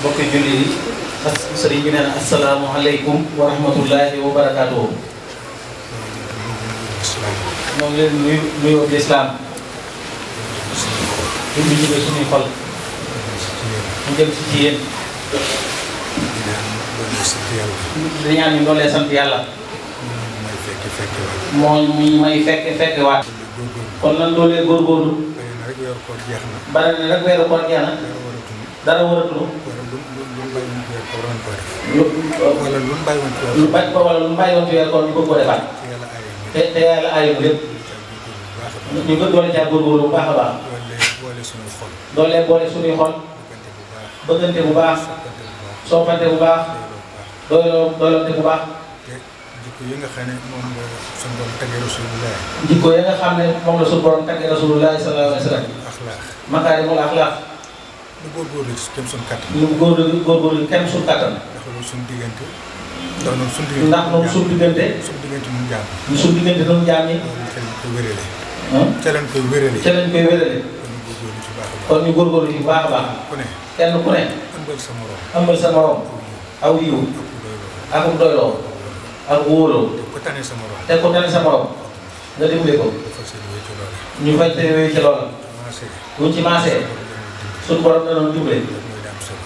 mbokki julli yi as sëriñ bi nee na asalaamaaleykum wa rahmatullahi wa barakaatuhu. ñoo ngi leen nuyu nuyoo ñu ngi suñuy xol. ñu jëm si ci yéen. di ñaan ñu doolee yàlla. moo ñu may fekke fekke waat. kon lan doolee góorgóorlu. bari na rek weeru koor jeex na. dara waratul. lu wala lu mu bàyyi woon ci lu bàyyi ko wala lu mu bàyyi woon ci weer koor ñu bëgg koo defaat. te te yàlla aayul lépp. ñu gën doole caa góorgóorlu bu baax a baax. doole boole suñuy xol. bëggante bu baax. soppante bu baax. doyloo doylante bu baax. jikko yi nga xam ne moom la suñu borom tàggee rasulullah. jikko yi nga xam ne moom la suñu borom tàggee rasulullah sallallahu alayhi wa sallam. makaarimul axlaaq lu góorgóorlu ci kenn suñu kattan. lu góorgóorlu góorgóorlu kenn suñu kattan. ndax loolu suñu diggante. ndax noonu suñu diggante ndax noonu suñu diggante. suñu diggante ñun jaam ñi. suñu diggante ñun jaam ñi. ca lañ koy wéralee. ca lañ koy wéralee. kon ñu góorgóorlu ci baax a baax. ku ne kenn ku ne. ëmbal sa morom. ëmbal sa morom. aw yiw. ak doyloo ak doyloo. ak wóoloo. te ku tane sa morom. te ku tane sa morom. nga dimbali ko. ñu fay te wéy ci loola. buñ ci maasee. suñu borom dana dimbali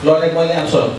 loolu rek mooy li am solo